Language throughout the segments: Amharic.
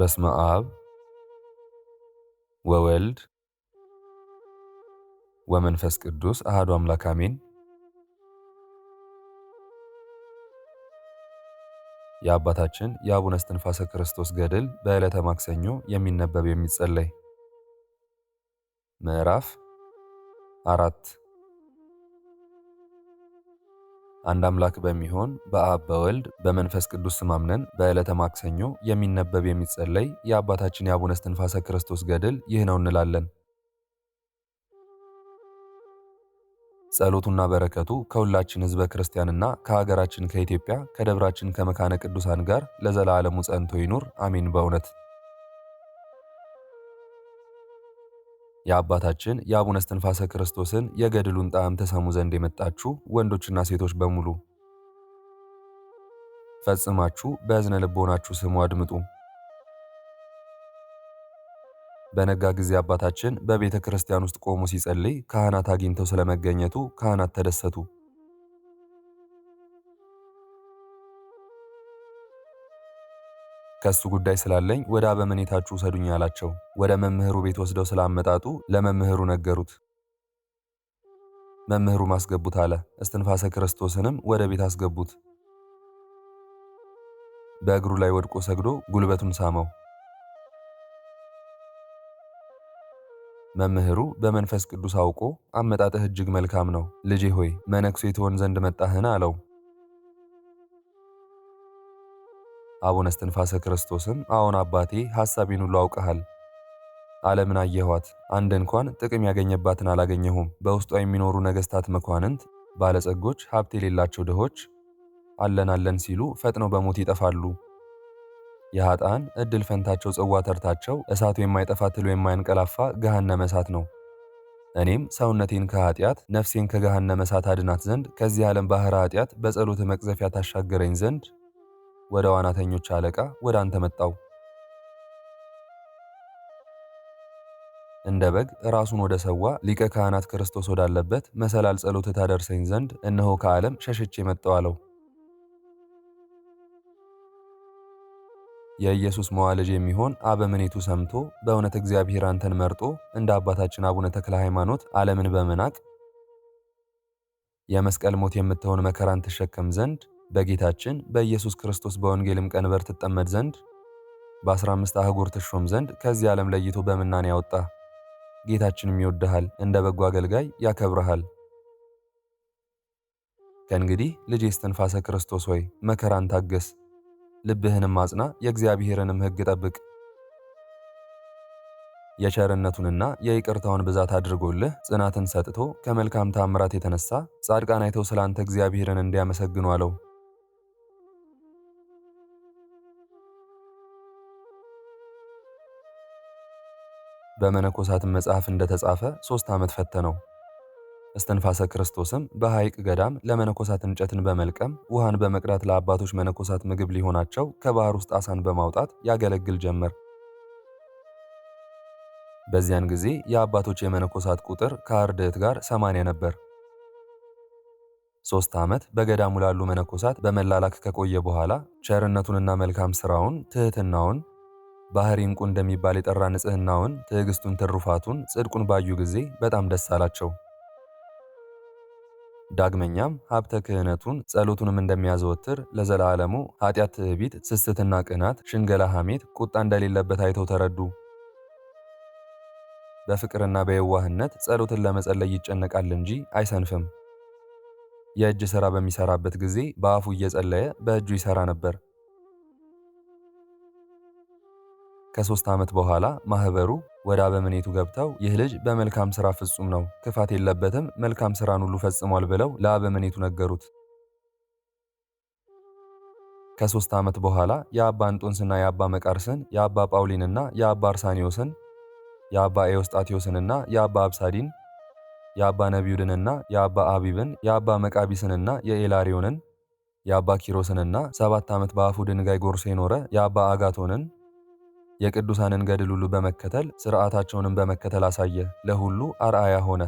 በስመ አብ ወወልድ ወመንፈስ ቅዱስ አሐዱ አምላክ አሜን። የአባታችን የአቡነ እስትንፋሰ ክርስቶስ ገድል በዕለተ ማክሰኞ የሚነበብ የሚጸለይ ምዕራፍ አራት አንድ አምላክ በሚሆን በአብ በወልድ በመንፈስ ቅዱስ ስማምነን በዕለተ ማክሰኞ የሚነበብ የሚጸለይ የአባታችን የአቡነ እስትንፋሰ ክርስቶስ ገድል ይህ ነው እንላለን። ጸሎቱና በረከቱ ከሁላችን ሕዝበ ክርስቲያንና ከሀገራችን ከኢትዮጵያ ከደብራችን ከመካነ ቅዱሳን ጋር ለዘላለሙ ጸንቶ ይኑር አሜን። በእውነት የአባታችን የአቡነ እስትንፋሰ ክርስቶስን የገድሉን ጣዕም ተሰሙ ዘንድ የመጣችሁ ወንዶችና ሴቶች በሙሉ ፈጽማችሁ በእዝነ ልቦናችሁ ስሙ፣ አድምጡ። በነጋ ጊዜ አባታችን በቤተ ክርስቲያን ውስጥ ቆሞ ሲጸልይ ካህናት አግኝተው ስለመገኘቱ ካህናት ተደሰቱ። ከእሱ ጉዳይ ስላለኝ ወደ አበመኔታችሁ ውሰዱኝ አላቸው። ወደ መምህሩ ቤት ወስደው ስላመጣጡ ለመምህሩ ነገሩት። መምህሩ አስገቡት አለ። እስትንፋሰ ክርስቶስንም ወደ ቤት አስገቡት። በእግሩ ላይ ወድቆ ሰግዶ ጉልበቱን ሳመው። መምህሩ በመንፈስ ቅዱስ አውቆ አመጣጥህ እጅግ መልካም ነው፣ ልጄ ሆይ መነኩሴ ትሆን ዘንድ መጣህን አለው። አቡነ እስትንፋሰ ክርስቶስም አዎን አባቴ፣ ሐሳቤን ሁሉ አውቀሃል። ዓለምን አየኋት፣ አንድ እንኳን ጥቅም ያገኘባትን አላገኘሁም። በውስጧ የሚኖሩ ነገሥታት፣ መኳንንት፣ ባለጸጎች፣ ሀብት የሌላቸው ድሆች አለን አለን ሲሉ ፈጥነው በሞት ይጠፋሉ። የኃጥአን ዕድል ፈንታቸው ጽዋ ተርታቸው እሳቱ የማይጠፋ ትሉ የማያንቀላፋ ገሃነመ እሳት ነው። እኔም ሰውነቴን ከኃጢአት ነፍሴን ከገሃነመ እሳት አድናት ዘንድ ከዚህ ዓለም ባሕረ ኃጢአት በጸሎት መቅዘፊያ ታሻገረኝ ዘንድ ወደ ዋናተኞች አለቃ ወደ አንተ መጣው። እንደ በግ ራሱን ወደ ሰዋ ሊቀ ካህናት ክርስቶስ ወዳለበት መሰላል ጸሎት ታደርሰኝ ዘንድ እነሆ ከዓለም ሸሽቼ መጣው አለው። የኢየሱስ መዋለጅ የሚሆን አበምኔቱ ሰምቶ በእውነት እግዚአብሔር አንተን መርጦ እንደ አባታችን አቡነ ተክለ ሃይማኖት ዓለምን በመናቅ የመስቀል ሞት የምትሆን መከራን ትሸከም ዘንድ በጌታችን በኢየሱስ ክርስቶስ በወንጌልም ቀንበር ትጠመድ ዘንድ በ15 አህጉር ትሾም ዘንድ ከዚህ ዓለም ለይቶ በምናኔ ያወጣ። ጌታችንም ይወድሃል፣ እንደ በጎ አገልጋይ ያከብረሃል። ከእንግዲህ ልጅ እስትንፋሰ ክርስቶስ ሆይ መከራን ታገስ፣ ልብህንም አጽና፣ የእግዚአብሔርንም ሕግ ጠብቅ። የቸርነቱንና የይቅርታውን ብዛት አድርጎልህ ጽናትን ሰጥቶ ከመልካም ታምራት የተነሳ ጻድቃን አይተው ስላንተ እግዚአብሔርን እንዲያመሰግኑ አለው። በመነኮሳት መጽሐፍ እንደተጻፈ ሦስት ዓመት ፈተነው። እስትንፋሰ ክርስቶስም በሐይቅ ገዳም ለመነኮሳት እንጨትን በመልቀም ውሃን በመቅዳት ለአባቶች መነኮሳት ምግብ ሊሆናቸው ከባህር ውስጥ አሳን በማውጣት ያገለግል ጀመር። በዚያን ጊዜ የአባቶች የመነኮሳት ቁጥር ከአርድዕት ጋር ሰማንያ ነበር። ሦስት ዓመት በገዳሙ ላሉ መነኮሳት በመላላክ ከቆየ በኋላ ቸርነቱንና መልካም ሥራውን ትሕትናውን ባህሪ እንቁ እንደሚባል የጠራ ንጽህናውን፣ ትዕግስቱን፣ ትሩፋቱን፣ ጽድቁን ባዩ ጊዜ በጣም ደስ አላቸው። ዳግመኛም ሀብተ ክህነቱን ጸሎቱንም እንደሚያዘወትር ለዘላለሙ ኃጢአት፣ ትዕቢት፣ ስስትና ቅናት፣ ሽንገላ፣ ሐሜት፣ ቁጣ እንደሌለበት አይተው ተረዱ። በፍቅርና በየዋህነት ጸሎትን ለመጸለይ ይጨነቃል እንጂ አይሰንፍም። የእጅ ሥራ በሚሠራበት ጊዜ በአፉ እየጸለየ በእጁ ይሠራ ነበር። ከሶስት ዓመት በኋላ ማህበሩ ወደ አበምኔቱ ገብተው ይህ ልጅ በመልካም ስራ ፍጹም ነው፣ ክፋት የለበትም፣ መልካም ስራን ሁሉ ፈጽሟል ብለው ለአበምኔቱ ነገሩት። ከሦስት ዓመት በኋላ የአባ እንጦንስና የአባ መቃርስን፣ የአባ ጳውሊንና የአባ አርሳኒዮስን፣ የአባ ኤዎስጣቴዎስንና የአባ አብሳዲን፣ የአባ ነቢዩድንና የአባ አቢብን፣ የአባ መቃቢስንና የኤላሪዮንን፣ የአባ ኪሮስንና ሰባት ዓመት በአፉ ድንጋይ ጎርሶ የኖረ የአባ አጋቶንን የቅዱሳንን ገድል ሁሉ በመከተል ሥርዓታቸውንም በመከተል አሳየ፣ ለሁሉ አርአያ ሆነ።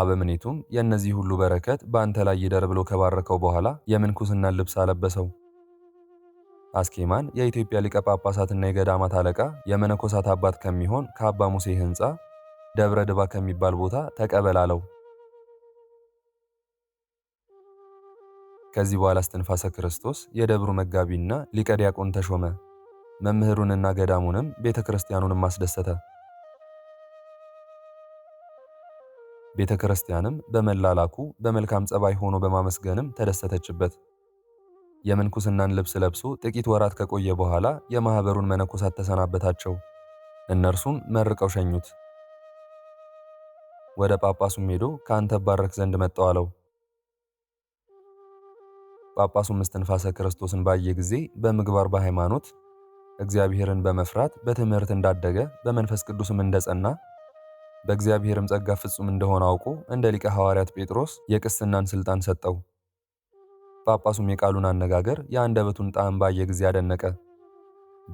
አበምኔቱም የእነዚህ ሁሉ በረከት በአንተ ላይ ይደር ብሎ ከባረከው በኋላ የምንኩስናን ልብስ አለበሰው። አስኬማን የኢትዮጵያ ሊቀ ጳጳሳትና የገዳማት አለቃ የመነኮሳት አባት ከሚሆን ከአባ ሙሴ ሕንፃ ደብረ ድባ ከሚባል ቦታ ተቀበላለው። ከዚህ በኋላ እስትንፋሰ ክርስቶስ የደብሩ መጋቢና ሊቀ ዲያቆን ተሾመ። መምህሩንና ገዳሙንም ቤተ ክርስቲያኑንም አስደሰተ። ቤተ ክርስቲያንም በመላላኩ በመልካም ጸባይ ሆኖ በማመስገንም ተደሰተችበት። የምንኩስናን ልብስ ለብሶ ጥቂት ወራት ከቆየ በኋላ የማኅበሩን መነኮሳት ተሰናበታቸው። እነርሱም መርቀው ሸኙት። ወደ ጳጳሱም ሄዶ ከአንተ ባረክ ዘንድ መጣው አለው። ጳጳሱ እስትንፋሰ ክርስቶስን ባየ ጊዜ በምግባር በሃይማኖት እግዚአብሔርን በመፍራት በትምህርት እንዳደገ በመንፈስ ቅዱስም እንደጸና በእግዚአብሔርም ጸጋ ፍጹም እንደሆነ አውቆ እንደ ሊቀ ሐዋርያት ጴጥሮስ የቅስናን ሥልጣን ሰጠው። ጳጳሱም የቃሉን አነጋገር የአንደበቱን ጣዕም ባየ ጊዜ አደነቀ።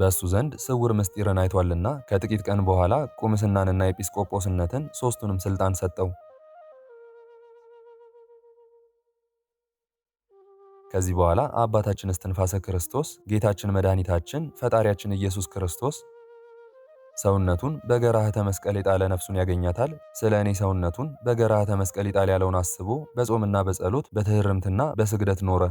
በእሱ ዘንድ ስውር ምስጢርን አይቷልና ከጥቂት ቀን በኋላ ቁምስናንና ኤጲስቆጶስነትን ሦስቱንም ሥልጣን ሰጠው። ከዚህ በኋላ አባታችን እስትንፋሰ ክርስቶስ ጌታችን መድኃኒታችን ፈጣሪያችን ኢየሱስ ክርስቶስ ሰውነቱን በገራህተ መስቀል የጣለ ነፍሱን ያገኛታል። ስለ እኔ ሰውነቱን በገራህተ መስቀል ይጣል ያለውን አስቦ በጾምና በጸሎት በትህርምትና በስግደት ኖረ።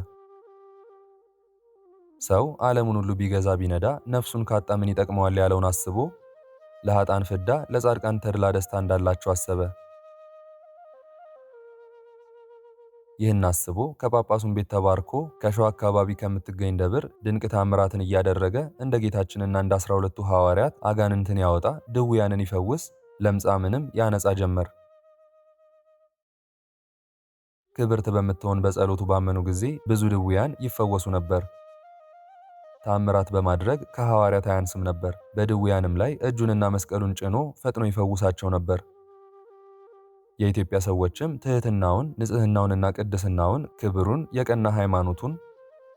ሰው ዓለሙን ሁሉ ቢገዛ ቢነዳ ነፍሱን ካጣ ምን ይጠቅመዋል ያለውን አስቦ ለሀጣን ፍዳ ለጻድቃን ተድላ ደስታ እንዳላቸው አሰበ። ይህን አስቦ ከጳጳሱን ቤት ተባርኮ ከሸዋ አካባቢ ከምትገኝ ደብር ድንቅ ታምራትን እያደረገ እንደ ጌታችንና እንደ አስራ ሁለቱ ሐዋርያት አጋንንትን ያወጣ፣ ድውያንን ይፈውስ፣ ለምጻምንም ያነጻ ጀመር። ክብርት በምትሆን በጸሎቱ ባመኑ ጊዜ ብዙ ድውያን ይፈወሱ ነበር። ታምራት በማድረግ ከሐዋርያት አያንስም ነበር። በድውያንም ላይ እጁንና መስቀሉን ጭኖ ፈጥኖ ይፈውሳቸው ነበር። የኢትዮጵያ ሰዎችም ትህትናውን፣ ንጽህናውንና ቅድስናውን፣ ክብሩን፣ የቀና ሃይማኖቱን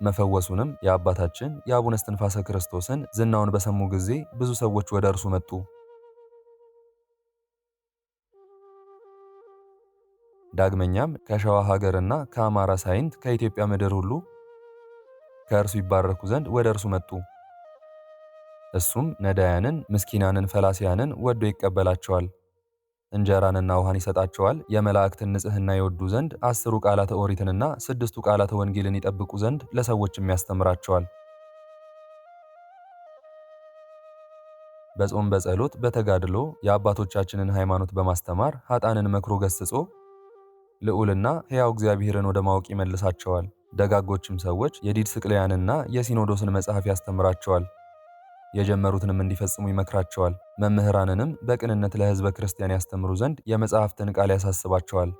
መፈወሱንም የአባታችን የአቡነ እስትንፋሰ ክርስቶስን ዝናውን በሰሙ ጊዜ ብዙ ሰዎች ወደ እርሱ መጡ። ዳግመኛም ከሸዋ ሀገርና ከአማራ ሳይንት ከኢትዮጵያ ምድር ሁሉ ከእርሱ ይባረኩ ዘንድ ወደ እርሱ መጡ። እሱም ነዳያንን፣ ምስኪናንን፣ ፈላሲያንን ወዶ ይቀበላቸዋል። እንጀራንና ውሃን ይሰጣቸዋል። የመላእክትን ንጽህና ይወዱ ዘንድ አስሩ ቃላተ ኦሪትንና ስድስቱ ቃላተ ወንጌልን ይጠብቁ ዘንድ ለሰዎችም ያስተምራቸዋል። በጾም በጸሎት በተጋድሎ የአባቶቻችንን ሃይማኖት በማስተማር ኃጣንን መክሮ ገስጾ ልዑልና ሕያው እግዚአብሔርን ወደ ማወቅ ይመልሳቸዋል። ደጋጎችም ሰዎች የዲድስቅልያንና የሲኖዶስን መጽሐፍ ያስተምራቸዋል። የጀመሩትንም እንዲፈጽሙ ይመክራቸዋል። መምህራንንም በቅንነት ለሕዝበ ክርስቲያን ያስተምሩ ዘንድ የመጽሐፍትን ቃል ያሳስባቸዋል።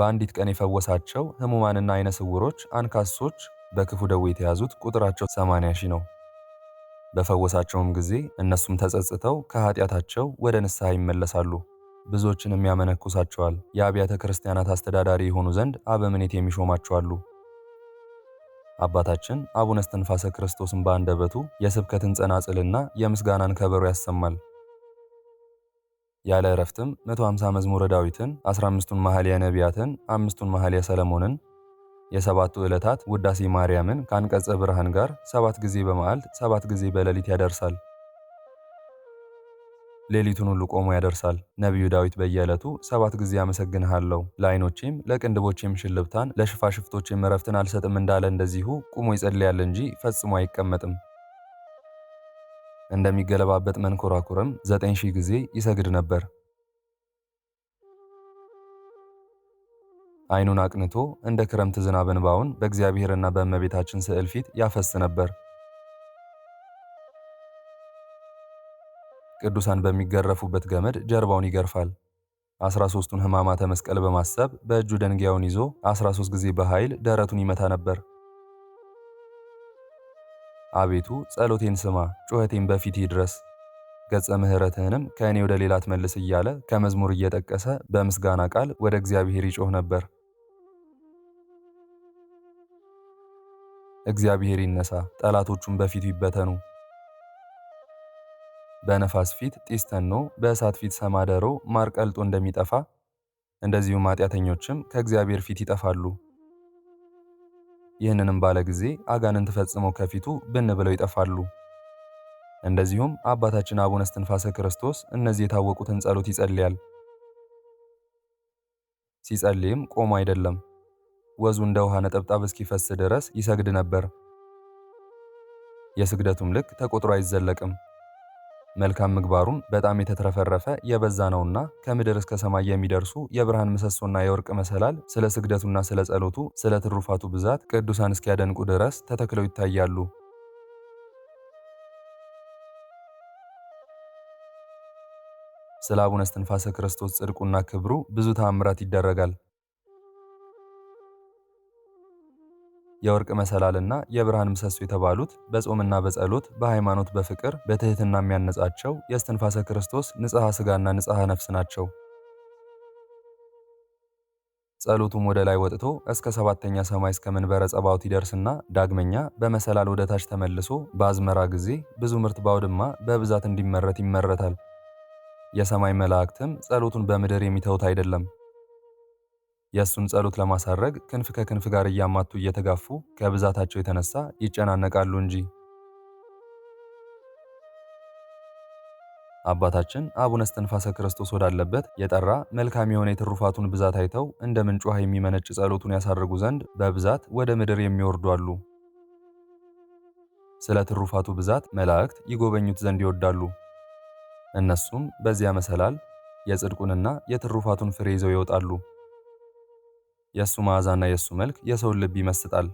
በአንዲት ቀን የፈወሳቸው ሕሙማንና አይነ ስውሮች፣ አንካሶች፣ በክፉ ደዌ የተያዙት ቁጥራቸው ሰማንያ ሺህ ነው። በፈወሳቸውም ጊዜ እነሱም ተጸጽተው ከኃጢአታቸው ወደ ንስሐ ይመለሳሉ። ብዙዎችንም ያመነኩሳቸዋል። የአብያተ ክርስቲያናት አስተዳዳሪ የሆኑ ዘንድ አበምኔት የሚሾማቸዋሉ። አባታችን አቡነ እስትንፋሰ ክርስቶስን በአንደበቱ የስብከትን ጸናጽልና የምስጋናን ከበሮ ያሰማል። ያለ እረፍትም 150 መዝሙረ ዳዊትን፣ 15ቱን መኃልየ ነቢያትን፣ አምስቱን መኃልየ ሰለሞንን፣ የሰባቱ ዕለታት ውዳሴ ማርያምን ከአንቀጸ ብርሃን ጋር ሰባት ጊዜ በመዓልት ሰባት ጊዜ በሌሊት ያደርሳል። ሌሊቱን ሁሉ ቆሞ ያደርሳል። ነቢዩ ዳዊት በየዕለቱ ሰባት ጊዜ አመሰግንሃለሁ፣ ለዓይኖቼም ለቅንድቦቼም ሽልብታን ለሽፋሽፍቶቼም እረፍትን አልሰጥም እንዳለ እንደዚሁ ቁሞ ይጸልያል እንጂ ፈጽሞ አይቀመጥም። እንደሚገለባበጥ መንኮራኩርም ዘጠኝ ሺህ ጊዜ ይሰግድ ነበር። ዓይኑን አቅንቶ እንደ ክረምት ዝናብ እንባውን በእግዚአብሔርና በእመቤታችን ስዕል ፊት ያፈስ ነበር። ቅዱሳን በሚገረፉበት ገመድ ጀርባውን ይገርፋል። አስራ ሦስቱን ሕማማተ መስቀል በማሰብ በእጁ ደንጊያውን ይዞ አስራ ሦስት ጊዜ በኃይል ደረቱን ይመታ ነበር። አቤቱ ጸሎቴን ስማ፣ ጩኸቴን በፊትህ ድረስ፣ ገጸ ምሕረትህንም ከእኔ ወደ ሌላ መልስ እያለ ከመዝሙር እየጠቀሰ በምስጋና ቃል ወደ እግዚአብሔር ይጮህ ነበር። እግዚአብሔር ይነሳ፣ ጠላቶቹም በፊቱ ይበተኑ። በነፋስ ፊት ጢስ ተኖ በእሳት ፊት ሰማደሮ ማር ቀልጦ እንደሚጠፋ እንደዚሁም ኃጢአተኞችም ከእግዚአብሔር ፊት ይጠፋሉ። ይህንንም ባለ ጊዜ አጋንንት ፈጽመው ከፊቱ ብን ብለው ይጠፋሉ። እንደዚሁም አባታችን አቡነ እስትንፋሰ ክርስቶስ እነዚህ የታወቁትን ጸሎት ይጸልያል። ሲጸልይም ቆሞ አይደለም፣ ወዙ እንደ ውሃ ነጠብጣብ እስኪፈስ ድረስ ይሰግድ ነበር። የስግደቱም ልክ ተቆጥሮ አይዘለቅም። መልካም ምግባሩም በጣም የተትረፈረፈ የበዛ ነውና ከምድር እስከ ሰማይ የሚደርሱ የብርሃን ምሰሶና የወርቅ መሰላል ስለ ስግደቱና ስለ ጸሎቱ፣ ስለ ትሩፋቱ ብዛት ቅዱሳን እስኪያደንቁ ድረስ ተተክለው ይታያሉ። ስለ አቡነ እስትንፋሰ ክርስቶስ ጽድቁና ክብሩ ብዙ ተአምራት ይደረጋል። የወርቅ መሰላልና የብርሃን ምሰሶ የተባሉት በጾምና በጸሎት በሃይማኖት በፍቅር በትህትና የሚያነጻቸው የእስትንፋሰ ክርስቶስ ንጽሐ ሥጋና ንጽሐ ነፍስ ናቸው። ጸሎቱም ወደ ላይ ወጥቶ እስከ ሰባተኛ ሰማይ እስከ መንበረ ጸባዖት ይደርስና ዳግመኛ በመሰላል ወደ ታች ተመልሶ በአዝመራ ጊዜ ብዙ ምርት ባውድማ በብዛት እንዲመረት ይመረታል። የሰማይ መላእክትም ጸሎቱን በምድር የሚተውት አይደለም። የእሱን ጸሎት ለማሳረግ ክንፍ ከክንፍ ጋር እያማቱ እየተጋፉ ከብዛታቸው የተነሳ ይጨናነቃሉ እንጂ። አባታችን አቡነ እስትንፋሰ ክርስቶስ ወዳለበት የጠራ መልካም የሆነ የትሩፋቱን ብዛት አይተው እንደ ምንጭ ውሃ የሚመነጭ ጸሎቱን ያሳርጉ ዘንድ በብዛት ወደ ምድር የሚወርዱ አሉ። ስለ ትሩፋቱ ብዛት መላእክት ይጎበኙት ዘንድ ይወዳሉ። እነሱም በዚያ መሰላል የጽድቁንና የትሩፋቱን ፍሬ ይዘው ይወጣሉ። የእሱ መዓዛና የእሱ መልክ የሰውን ልብ ይመስጣል።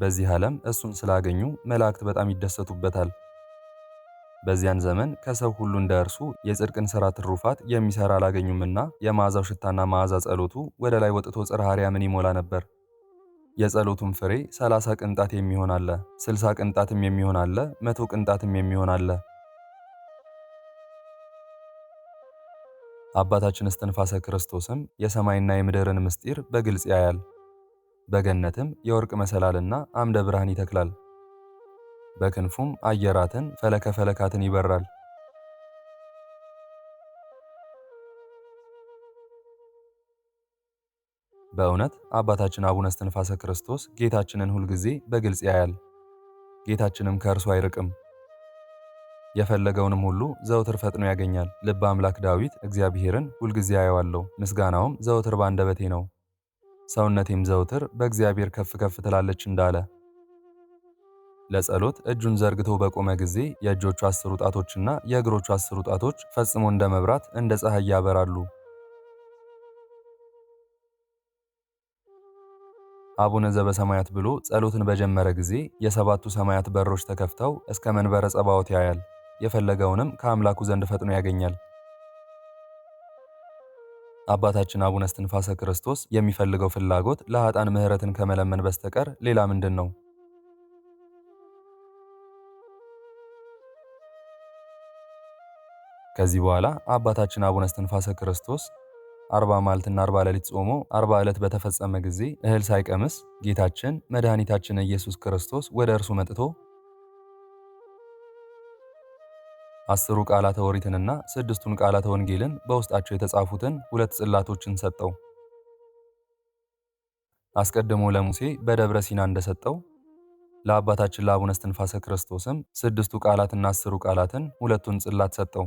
በዚህ ዓለም እሱን ስላገኙ መላእክት በጣም ይደሰቱበታል። በዚያን ዘመን ከሰው ሁሉ እንደ እርሱ የጽድቅን ሥራ ትሩፋት የሚሠራ አላገኙምና የመዓዛው ሽታና መዓዛ ጸሎቱ ወደ ላይ ወጥቶ ጽርሐ አርያምን ይሞላ ነበር። የጸሎቱም ፍሬ ሰላሳ ቅንጣት የሚሆን አለ፣ ስልሳ ቅንጣትም የሚሆን አለ፣ መቶ ቅንጣትም የሚሆን አለ። አባታችን እስትንፋሰ ክርስቶስም የሰማይና የምድርን ምስጢር በግልጽ ያያል። በገነትም የወርቅ መሰላልና አምደ ብርሃን ይተክላል። በክንፉም አየራትን ፈለከ ፈለካትን ይበራል። በእውነት አባታችን አቡነ እስትንፋሰ ክርስቶስ ጌታችንን ሁልጊዜ በግልጽ ያያል። ጌታችንም ከእርሱ አይርቅም። የፈለገውንም ሁሉ ዘውትር ፈጥኖ ያገኛል። ልበ አምላክ ዳዊት እግዚአብሔርን ሁልጊዜ አየዋለሁ፣ ምስጋናውም ዘውትር ባንደበቴ ነው፣ ሰውነቴም ዘውትር በእግዚአብሔር ከፍ ከፍ ትላለች እንዳለ ለጸሎት እጁን ዘርግቶ በቆመ ጊዜ የእጆቹ አስሩ ጣቶችና የእግሮቹ አስሩ ጣቶች ፈጽሞ እንደ መብራት እንደ ፀሐይ ያበራሉ። አቡነ ዘበሰማያት ብሎ ጸሎትን በጀመረ ጊዜ የሰባቱ ሰማያት በሮች ተከፍተው እስከ መንበረ ጸባዖት ያያል። የፈለገውንም ከአምላኩ ዘንድ ፈጥኖ ያገኛል። አባታችን አቡነ እስትንፋሰ ክርስቶስ የሚፈልገው ፍላጎት ለአጣን ምሕረትን ከመለመን በስተቀር ሌላ ምንድን ነው? ከዚህ በኋላ አባታችን አቡነ እስትንፋሰ ክርስቶስ አርባ ማልትና አርባ ሌሊት ጾሞ አርባ ዕለት በተፈጸመ ጊዜ እህል ሳይቀምስ ጌታችን መድኃኒታችን ኢየሱስ ክርስቶስ ወደ እርሱ መጥቶ አስሩ ቃላተ ኦሪትንና ስድስቱን ቃላተ ወንጌልን በውስጣቸው የተጻፉትን ሁለት ጽላቶችን ሰጠው። አስቀድሞ ለሙሴ በደብረ ሲና እንደሰጠው ለአባታችን ለአቡነ እስትንፋሰ ክርስቶስም ስድስቱ ቃላትና አስሩ ቃላትን ሁለቱን ጽላት ሰጠው።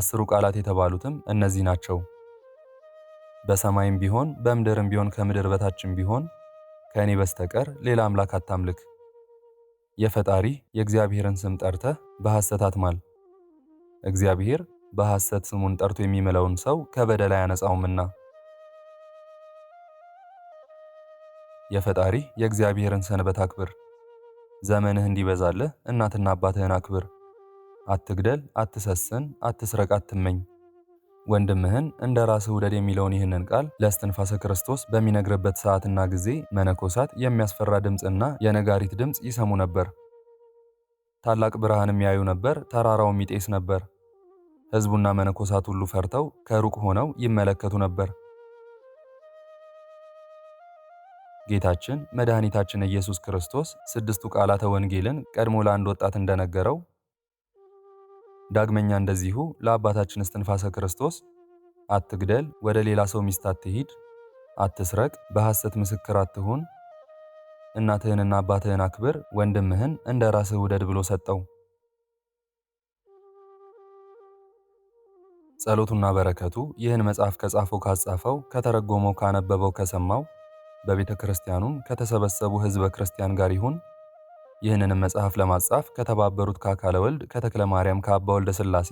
አስሩ ቃላት የተባሉትም እነዚህ ናቸው። በሰማይም ቢሆን በምድርም ቢሆን ከምድር በታችም ቢሆን ከእኔ በስተቀር ሌላ አምላክ አታምልክ የፈጣሪ የእግዚአብሔርን ስም ጠርተ በሐሰት አትማል። እግዚአብሔር በሐሰት ስሙን ጠርቶ የሚምለውን ሰው ከበደል አያነጻውምና። የፈጣሪ የእግዚአብሔርን ሰንበት አክብር። ዘመንህ እንዲበዛልህ እናትና አባትህን አክብር። አትግደል፣ አትሰስን፣ አትስረቅ፣ አትመኝ። ወንድምህን እንደ ራስህ ውደድ የሚለውን ይህንን ቃል ለእስትንፋሰ ክርስቶስ በሚነግርበት ሰዓትና ጊዜ መነኮሳት የሚያስፈራ ድምፅና የነጋሪት ድምፅ ይሰሙ ነበር። ታላቅ ብርሃንም ያዩ ነበር፣ ተራራውም ይጤስ ነበር። ሕዝቡና መነኮሳት ሁሉ ፈርተው ከሩቅ ሆነው ይመለከቱ ነበር። ጌታችን መድኃኒታችን ኢየሱስ ክርስቶስ ስድስቱ ቃላተ ወንጌልን ቀድሞ ለአንድ ወጣት እንደነገረው ዳግመኛ እንደዚሁ ለአባታችን እስትንፋሰ ክርስቶስ አትግደል፣ ወደ ሌላ ሰው ሚስት አትሂድ፣ አትስረቅ፣ በሐሰት ምስክር አትሁን፣ እናትህንና አባትህን አክብር፣ ወንድምህን እንደ ራስህ ውደድ ብሎ ሰጠው። ጸሎቱና በረከቱ ይህን መጽሐፍ ከጻፈው ካጻፈው ከተረጎመው ካነበበው ከሰማው በቤተ ክርስቲያኑም ከተሰበሰቡ ሕዝበ ክርስቲያን ጋር ይሁን። ይህንንም መጽሐፍ ለማጻፍ ከተባበሩት ከአካለ ወልድ ከተክለ ማርያም ከአባ ወልደ ስላሴ፣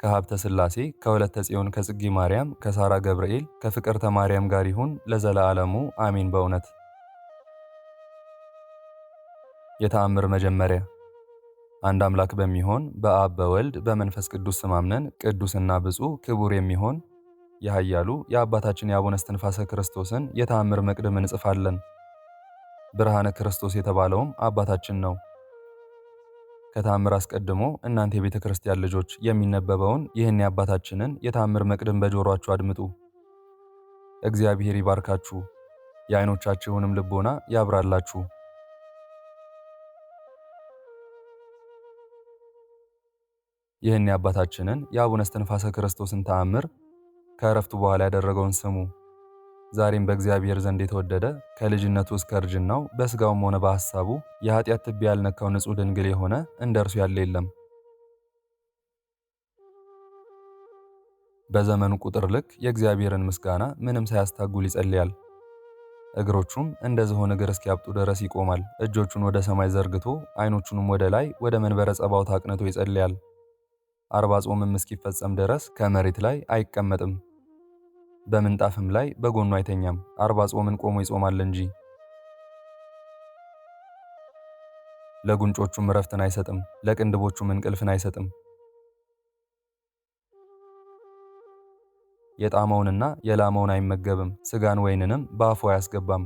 ከሀብተ ስላሴ ከወለተ ጽዮን ከጽጌ ማርያም ከሳራ ገብርኤል ከፍቅርተ ማርያም ጋር ይሁን ለዘላለሙ አሚን። በእውነት የተአምር መጀመሪያ አንድ አምላክ በሚሆን በአብ በወልድ በመንፈስ ቅዱስ ስማምነን ቅዱስና ብፁ ክቡር የሚሆን የኃያሉ የአባታችን የአቡነ እስትንፋሰ ክርስቶስን የተአምር መቅድም እንጽፋለን። ብርሃነ ክርስቶስ የተባለውም አባታችን ነው። ከታምር አስቀድሞ እናንተ የቤተ ክርስቲያን ልጆች የሚነበበውን ይህን የአባታችንን የታምር መቅድም በጆሮአችሁ አድምጡ። እግዚአብሔር ይባርካችሁ፣ የአይኖቻችሁንም ልቦና ያብራላችሁ። ይህን የአባታችንን የአቡነ እስትንፋሰ ክርስቶስን ተአምር ከእረፍቱ በኋላ ያደረገውን ስሙ። ዛሬም በእግዚአብሔር ዘንድ የተወደደ ከልጅነቱ እስከ እርጅናው በስጋውም ሆነ በሐሳቡ የኃጢአት ትቢያ ያልነካው ንጹሕ ድንግል የሆነ እንደ እርሱ ያለ የለም። በዘመኑ ቁጥር ልክ የእግዚአብሔርን ምስጋና ምንም ሳያስታጉል ይጸልያል። እግሮቹም እንደ ዝሆን እግር እስኪያብጡ ድረስ ይቆማል። እጆቹን ወደ ሰማይ ዘርግቶ ዐይኖቹንም ወደ ላይ ወደ መንበረ ጸባዖት አቅንቶ ይጸልያል። አርባ ጾምም እስኪፈጸም ድረስ ከመሬት ላይ አይቀመጥም። በምንጣፍም ላይ በጎኑ አይተኛም፣ አርባ ጾምን ቆሞ ይጾማል እንጂ። ለጉንጮቹም እረፍትን አይሰጥም፣ ለቅንድቦቹም እንቅልፍን አይሰጥም። የጣመውንና የላመውን አይመገብም፣ ስጋን ወይንንም በአፉ አያስገባም፣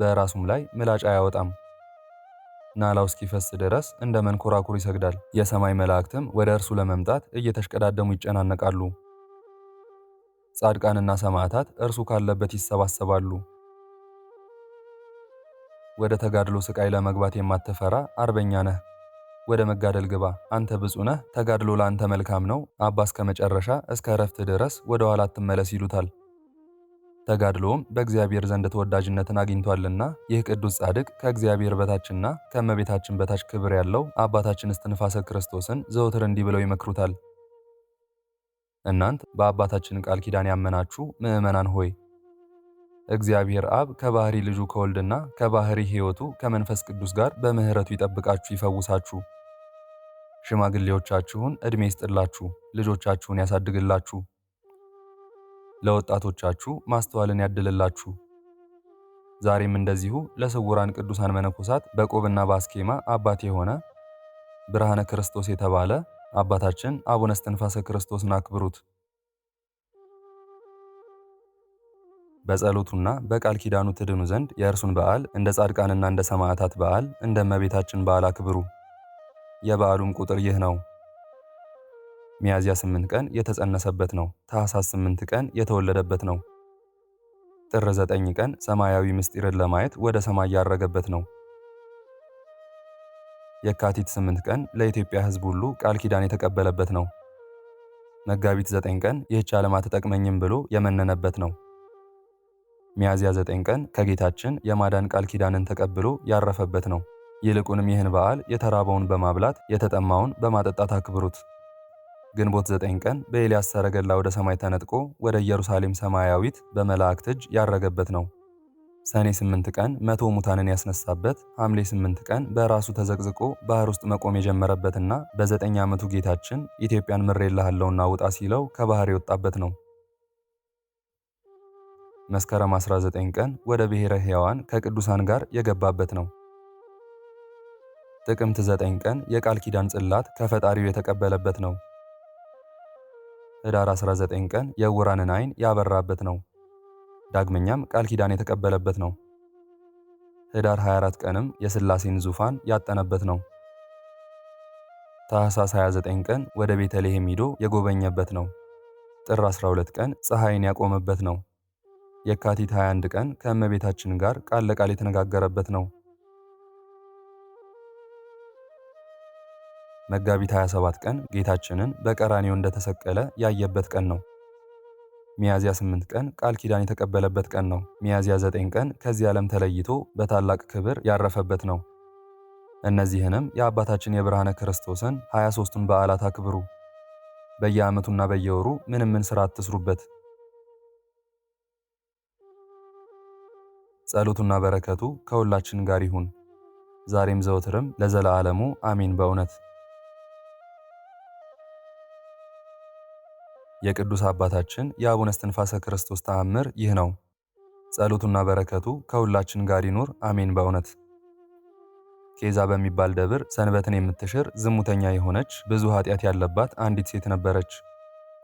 በራሱም ላይ ምላጭ አያወጣም። ናላው እስኪፈስ ድረስ እንደ መንኮራኩር ይሰግዳል። የሰማይ መላእክትም ወደ እርሱ ለመምጣት እየተሽቀዳደሙ ይጨናነቃሉ። ጻድቃንና ሰማዕታት እርሱ ካለበት ይሰባሰባሉ። ወደ ተጋድሎ ስቃይ ለመግባት የማትፈራ አርበኛ ነህ። ወደ መጋደል ግባ፣ አንተ ብፁዕ ነህ። ተጋድሎ ለአንተ መልካም ነው አባ፣ እስከ መጨረሻ እስከ እረፍት ድረስ ወደ ኋላ አትመለስ ይሉታል። ተጋድሎም በእግዚአብሔር ዘንድ ተወዳጅነትን አግኝቷልና ይህ ቅዱስ ጻድቅ ከእግዚአብሔር በታችና ከእመቤታችን በታች ክብር ያለው አባታችን እስትንፋሰ ክርስቶስን ዘውትር እንዲህ ብለው ይመክሩታል። እናንት በአባታችን ቃል ኪዳን ያመናችሁ ምዕመናን ሆይ እግዚአብሔር አብ ከባህሪ ልጁ ከወልድና ከባህሪ ሕይወቱ ከመንፈስ ቅዱስ ጋር በምሕረቱ ይጠብቃችሁ ይፈውሳችሁ። ሽማግሌዎቻችሁን ዕድሜ ይስጥላችሁ፣ ልጆቻችሁን ያሳድግላችሁ፣ ለወጣቶቻችሁ ማስተዋልን ያድልላችሁ። ዛሬም እንደዚሁ ለስውራን ቅዱሳን መነኮሳት በቆብና በአስኬማ አባት የሆነ ብርሃነ ክርስቶስ የተባለ አባታችን አቡነ እስትንፋሰ ክርስቶስን አክብሩት። በጸሎቱና በቃል ኪዳኑ ትድኑ ዘንድ የእርሱን በዓል እንደ ጻድቃንና እንደ ሰማዕታት በዓል እንደ እመቤታችን በዓል አክብሩ። የበዓሉም ቁጥር ይህ ነው። ሚያዝያ 8 ቀን የተጸነሰበት ነው። ታኅሳስ 8 ቀን የተወለደበት ነው። ጥር 9 ቀን ሰማያዊ ምስጢርን ለማየት ወደ ሰማይ ያረገበት ነው። የካቲት 8 ቀን ለኢትዮጵያ ሕዝብ ሁሉ ቃል ኪዳን የተቀበለበት ነው። መጋቢት 9 ቀን ይህች ዓለም አትጠቅመኝም ብሎ የመነነበት ነው። ሚያዝያ 9 ቀን ከጌታችን የማዳን ቃል ኪዳንን ተቀብሎ ያረፈበት ነው። ይልቁንም ይህን በዓል የተራበውን በማብላት የተጠማውን በማጠጣት አክብሩት። ግንቦት 9 ቀን በኤልያስ ሰረገላ ወደ ሰማይ ተነጥቆ ወደ ኢየሩሳሌም ሰማያዊት በመላእክት እጅ ያረገበት ነው። ሰኔ 8 ቀን መቶ ሙታንን ያስነሳበት፣ ሐምሌ 8 ቀን በራሱ ተዘቅዝቆ ባህር ውስጥ መቆም የጀመረበትና በዘጠኝ ዓመቱ ጌታችን ኢትዮጵያን ምሬልሃለሁና ውጣ ሲለው ከባህር የወጣበት ነው። መስከረም 19 ቀን ወደ ብሔረ ሕያዋን ከቅዱሳን ጋር የገባበት ነው። ጥቅምት 9 ቀን የቃል ኪዳን ጽላት ከፈጣሪው የተቀበለበት ነው። ህዳር 19 ቀን የውራንን ዓይን ያበራበት ነው። ዳግመኛም ቃል ኪዳን የተቀበለበት ነው። ህዳር 24 ቀንም የስላሴን ዙፋን ያጠነበት ነው። ታኅሳስ 29 ቀን ወደ ቤተልሔም ሂዶ የጎበኘበት ነው። ጥር 12 ቀን ፀሐይን ያቆመበት ነው። የካቲት 21 ቀን ከእመቤታችን ጋር ቃል ለቃል የተነጋገረበት ነው። መጋቢት 27 ቀን ጌታችንን በቀራንዮ እንደተሰቀለ ያየበት ቀን ነው። ሚያዝያ 8 ቀን ቃል ኪዳን የተቀበለበት ቀን ነው። ሚያዝያ 9 ቀን ከዚህ ዓለም ተለይቶ በታላቅ ክብር ያረፈበት ነው። እነዚህንም የአባታችን የብርሃነ ክርስቶስን 23ቱን በዓላት አክብሩ። በየዓመቱና በየወሩ ምንም ምን ሥራ አትስሩበት። ጸሎቱና በረከቱ ከሁላችን ጋር ይሁን ዛሬም ዘወትርም ለዘለዓለሙ አሚን። በእውነት የቅዱስ አባታችን የአቡነ እስትንፋሰ ክርስቶስ ተአምር ይህ ነው። ጸሎቱና በረከቱ ከሁላችን ጋር ይኑር አሜን። በእውነት ኬዛ በሚባል ደብር ሰንበትን የምትሽር ዝሙተኛ የሆነች ብዙ ኃጢአት ያለባት አንዲት ሴት ነበረች።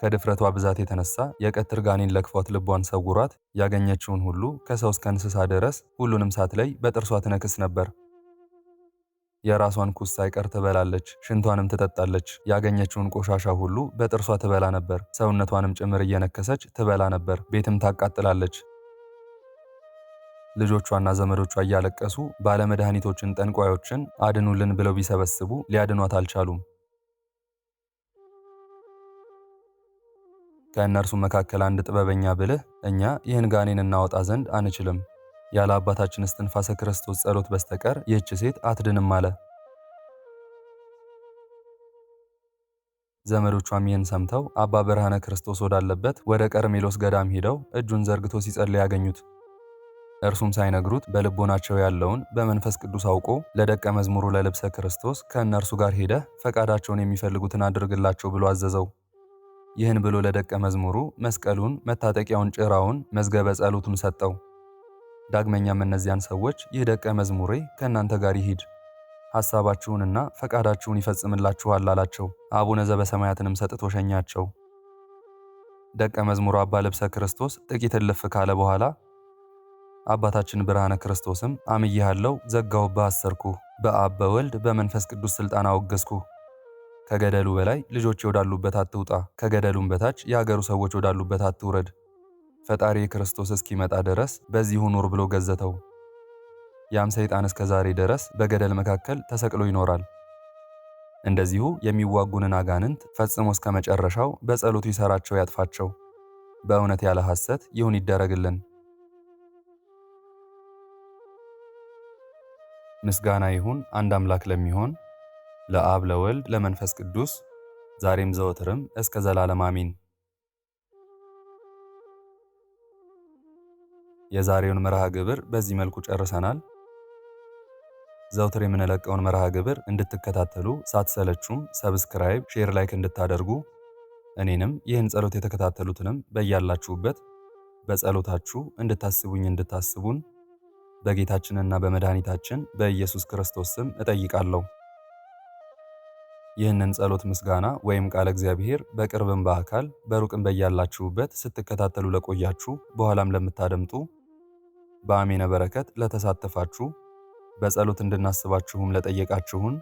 ከድፍረቷ ብዛት የተነሳ የቀትር ጋኔን ለክፏት ልቧን ሰውሯት ያገኘችውን ሁሉ ከሰው እስከ እንስሳ ድረስ ሁሉንም ሳት ላይ በጥርሷ ትነክስ ነበር። የራሷን ኩስ ሳይቀር ትበላለች፣ ሽንቷንም ትጠጣለች። ያገኘችውን ቆሻሻ ሁሉ በጥርሷ ትበላ ነበር። ሰውነቷንም ጭምር እየነከሰች ትበላ ነበር። ቤትም ታቃጥላለች። ልጆቿና ዘመዶቿ እያለቀሱ ባለመድኃኒቶችን፣ ጠንቋዮችን አድኑልን ብለው ቢሰበስቡ ሊያድኗት አልቻሉም። ከእነርሱ መካከል አንድ ጥበበኛ ብልህ እኛ ይህን ጋኔን እናወጣ ዘንድ አንችልም ያለ አባታችን እስትንፋሰ ክርስቶስ ጸሎት በስተቀር ይህች ሴት አትድንም አለ። ዘመዶቿም ይህን ሰምተው አባ ብርሃነ ክርስቶስ ወዳለበት ወደ ቀርሜሎስ ገዳም ሄደው እጁን ዘርግቶ ሲጸልይ ያገኙት። እርሱም ሳይነግሩት በልቦናቸው ያለውን በመንፈስ ቅዱስ አውቆ ለደቀ መዝሙሩ ለልብሰ ክርስቶስ ከእነርሱ ጋር ሄደህ ፈቃዳቸውን የሚፈልጉትን አድርግላቸው ብሎ አዘዘው። ይህን ብሎ ለደቀ መዝሙሩ መስቀሉን፣ መታጠቂያውን፣ ጭራውን፣ መዝገበ ጸሎቱን ሰጠው። ዳግመኛም እነዚያን ሰዎች ይህ ደቀ መዝሙሬ ከእናንተ ጋር ይሂድ ሐሳባችሁንና ፈቃዳችሁን ይፈጽምላችኋል አላቸው። አቡነ ዘበሰማያትንም ሰጥቶ ሸኛቸው። ደቀ መዝሙሩ አባ ልብሰ ክርስቶስ ጥቂት እልፍ ካለ በኋላ አባታችን ብርሃነ ክርስቶስም አምይሃለው፣ ዘጋሁብህ፣ አሰርኩህ፣ በአብ በወልድ በመንፈስ ቅዱስ ሥልጣን አወገዝኩ። ከገደሉ በላይ ልጆች ወዳሉበት አትውጣ፣ ከገደሉም በታች የአገሩ ሰዎች ወዳሉበት አትውረድ ፈጣሪ ክርስቶስ እስኪመጣ ድረስ በዚሁ ኑር ብሎ ገዘተው። ያም ሰይጣን እስከ ዛሬ ድረስ በገደል መካከል ተሰቅሎ ይኖራል። እንደዚሁ የሚዋጉንን አጋንንት ፈጽሞ እስከ መጨረሻው በጸሎቱ ይሰራቸው ያጥፋቸው። በእውነት ያለ ሐሰት ይሁን ይደረግልን። ምስጋና ይሁን አንድ አምላክ ለሚሆን ለአብ ለወልድ ለመንፈስ ቅዱስ ዛሬም ዘወትርም እስከ ዘላለም አሚን። የዛሬውን መርሃ ግብር በዚህ መልኩ ጨርሰናል። ዘውትር የምንለቀውን መርሃ ግብር እንድትከታተሉ ሳትሰለችሁም ሰብስክራይብ፣ ሼር፣ ላይክ እንድታደርጉ እኔንም ይህን ጸሎት የተከታተሉትንም በያላችሁበት በጸሎታችሁ እንድታስቡኝ እንድታስቡን በጌታችንና በመድኃኒታችን በኢየሱስ ክርስቶስ ስም እጠይቃለሁ። ይህንን ጸሎት ምስጋና ወይም ቃለ እግዚአብሔር በቅርብም በአካል በሩቅም በያላችሁበት ስትከታተሉ ለቆያችሁ በኋላም ለምታደምጡ በአሜነ በረከት ለተሳተፋችሁ በጸሎት እንድናስባችሁም ለጠየቃችሁን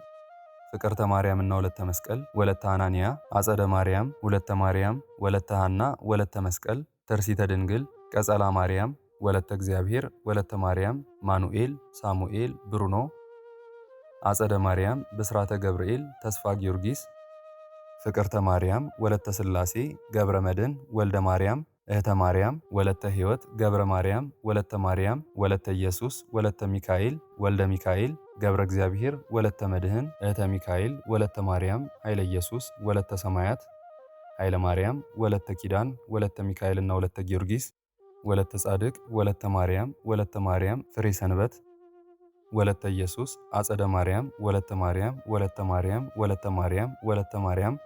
ፍቅርተ ማርያምና ወለተ መስቀል ወለተ አናንያ አጸደ ማርያም ወለተ ማርያም ወለተ ሐና ወለተ መስቀል ተርሲተ ድንግል ቀጸላ ማርያም ወለተ እግዚአብሔር ወለተ ማርያም ማኑኤል ሳሙኤል ብሩኖ አጸደ ማርያም ብስራተ ገብርኤል ተስፋ ጊዮርጊስ ፍቅርተ ማርያም ወለተ ስላሴ ገብረ መድን ወልደ ማርያም እህተ ማርያም ወለተ ሕይወት ገብረ ማርያም ወለተ ማርያም ወለተ ኢየሱስ ወለተ ሚካኤል ወልደ ሚካኤል ገብረ እግዚአብሔር ወለተ መድህን እህተ ሚካኤል ወለተ ማርያም ኃይለ ኢየሱስ ወለተ ሰማያት ኃይለ ማርያም ወለተ ኪዳን ወለተ ሚካኤልና ወለተ ጊዮርጊስ ወለተ ጻድቅ ወለተ ማርያም ወለተ ማርያም ፍሬ ሰንበት ወለተ ኢየሱስ አጸደ ማርያም ወለተ ማርያም ወለተ ማርያም ወለተ ማርያም ወለተ ማርያም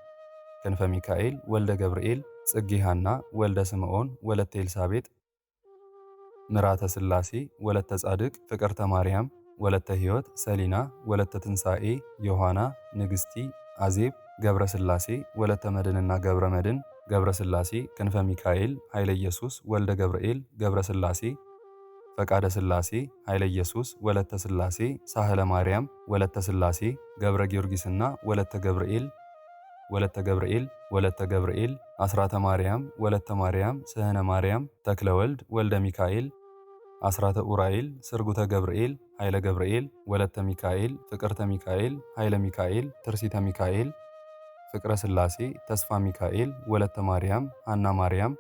ክንፈ ሚካኤል፣ ወልደ ገብርኤል፣ ጽጌ ሐና፣ ወልደ ስምዖን፣ ወለተ ኤልሳቤጥ፣ ምራተ ሥላሴ፣ ወለተ ጻድቅ፣ ፍቅርተ ማርያም፣ ወለተ ሕይወት፣ ሰሊና፣ ወለተ ትንሣኤ፣ ዮሐና፣ ንግሥቲ፣ አዜብ፣ ገብረ ሥላሴ፣ ወለተ መድንና ገብረ መድን፣ ገብረ ሥላሴ፣ ክንፈ ሚካኤል፣ ኃይለ ኢየሱስ፣ ወልደ ገብርኤል፣ ገብረ ሥላሴ ፈቃደ ሥላሴ ኃይለ ኢየሱስ ወለተ ሥላሴ ሳህለ ማርያም ወለተ ሥላሴ ገብረ ጊዮርጊስና ወለተ ገብርኤል ወለተ ገብርኤል ወለተ ገብርኤል አስራተ ማርያም ወለተ ማርያም ስህነ ማርያም ተክለ ወልድ ወልደ ሚካኤል አስራተ ኡራኤል ስርጉተ ገብርኤል ኃይለ ገብርኤል ወለተ ሚካኤል ፍቅርተ ሚካኤል ኃይለ ሚካኤል ትርሲተ ሚካኤል ፍቅረ ስላሴ ተስፋ ሚካኤል ወለተ ማርያም ሃና ማርያም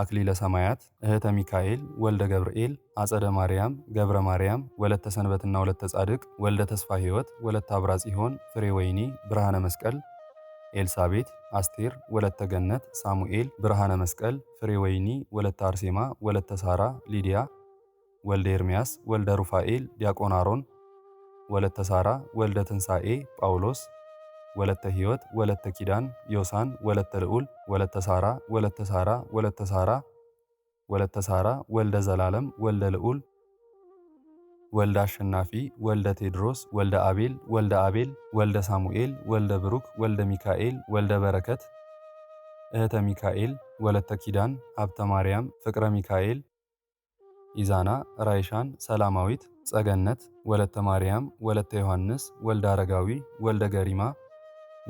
አክሊለ ሰማያት፣ እህተ ሚካኤል፣ ወልደ ገብርኤል፣ አጸደ ማርያም፣ ገብረ ማርያም፣ ወለተ ሰንበትና ወለተ ጻድቅ፣ ወልደ ተስፋ ሕይወት፣ ወለተ አብራ ጽዮን፣ ፍሬ ወይኒ፣ ብርሃነ መስቀል፣ ኤልሳቤት፣ አስቴር፣ ወለተ ገነት፣ ሳሙኤል፣ ብርሃነ መስቀል፣ ፍሬ ወይኒ፣ ወለተ አርሴማ፣ ወለተ ሳራ፣ ሊዲያ፣ ወልደ ኤርምያስ፣ ወልደ ሩፋኤል፣ ዲያቆን አሮን፣ ወለተ ሳራ፣ ወልደ ትንሣኤ፣ ጳውሎስ ወለተ ሕይወት፣ ወለተ ኪዳን፣ ዮሳን፣ ወለተ ልዑል፣ ወለተ ሳራ፣ ወለተ ሳራ፣ ወለተ ሳራ፣ ወለተ ሳራ፣ ወልደ ዘላለም፣ ወልደ ልዑል፣ ወልደ አሸናፊ፣ ወልደ ቴድሮስ፣ ወልደ አቤል፣ ወልደ አቤል፣ ወልደ ሳሙኤል፣ ወልደ ብሩክ፣ ወልደ ሚካኤል፣ ወልደ በረከት፣ እህተ ሚካኤል፣ ወለተ ኪዳን፣ ሀብተ ማርያም፣ ፍቅረ ሚካኤል፣ ኢዛና፣ ራይሻን፣ ሰላማዊት፣ ጸገነት፣ ወለተ ማርያም፣ ወለተ ዮሐንስ፣ ወልደ አረጋዊ፣ ወልደ ገሪማ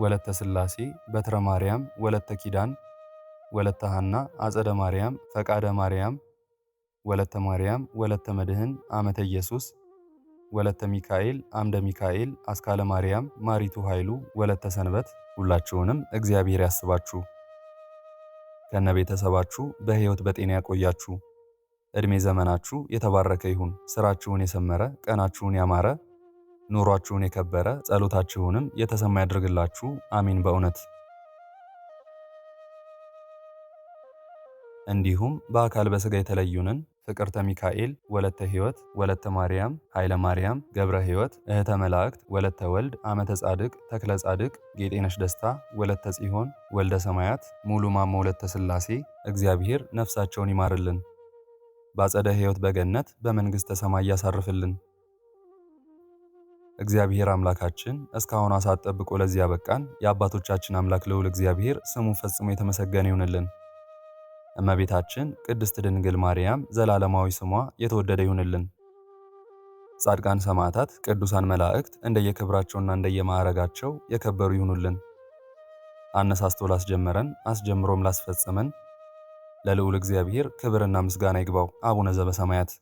ወለተ ስላሴ በትረ ማርያም፣ ወለተ ኪዳን፣ ወለተ ሐና፣ አጸደ ማርያም፣ ፈቃደ ማርያም፣ ወለተ ማርያም፣ ወለተ መድህን፣ አመተ ኢየሱስ፣ ወለተ ሚካኤል፣ አምደ ሚካኤል፣ አስካለ ማርያም፣ ማሪቱ ኃይሉ፣ ወለተ ሰንበት ሁላችሁንም እግዚአብሔር ያስባችሁ ከነ ቤተሰባችሁ በህይወት በጤና ያቆያችሁ። እድሜ ዘመናችሁ የተባረከ ይሁን። ስራችሁን የሰመረ ቀናችሁን ያማረ ኑሯችሁን የከበረ ጸሎታችሁንም የተሰማ ያድርግላችሁ። አሚን። በእውነት እንዲሁም በአካል በስጋ የተለዩንን ፍቅርተ ሚካኤል፣ ወለተ ሕይወት፣ ወለተ ማርያም፣ ኃይለ ማርያም፣ ገብረ ሕይወት፣ እህተ መላእክት፣ ወለተ ወልድ፣ አመተ ጻድቅ፣ ተክለ ጻድቅ፣ ጌጤነሽ ደስታ፣ ወለተ ጽሆን፣ ወልደ ሰማያት፣ ሙሉ ማሞ፣ ወለተ ስላሴ እግዚአብሔር ነፍሳቸውን ይማርልን፣ ባጸደ ሕይወት በገነት በመንግሥተ ሰማይ ያሳርፍልን። እግዚአብሔር አምላካችን እስካሁን አሳት ጠብቆ ለዚህ ያበቃን የአባቶቻችን አምላክ ልዑል እግዚአብሔር ስሙን ፈጽሞ የተመሰገነ ይሁንልን። እመቤታችን ቅድስት ድንግል ማርያም ዘላለማዊ ስሟ የተወደደ ይሁንልን። ጻድቃን ሰማዕታት፣ ቅዱሳን መላእክት እንደየክብራቸውና እንደየማዕረጋቸው የከበሩ ይሁኑልን። አነሳስቶ ላስጀመረን አስጀምሮም ላስፈጸመን ለልዑል እግዚአብሔር ክብርና ምስጋና ይግባው። አቡነ ዘበሰማያት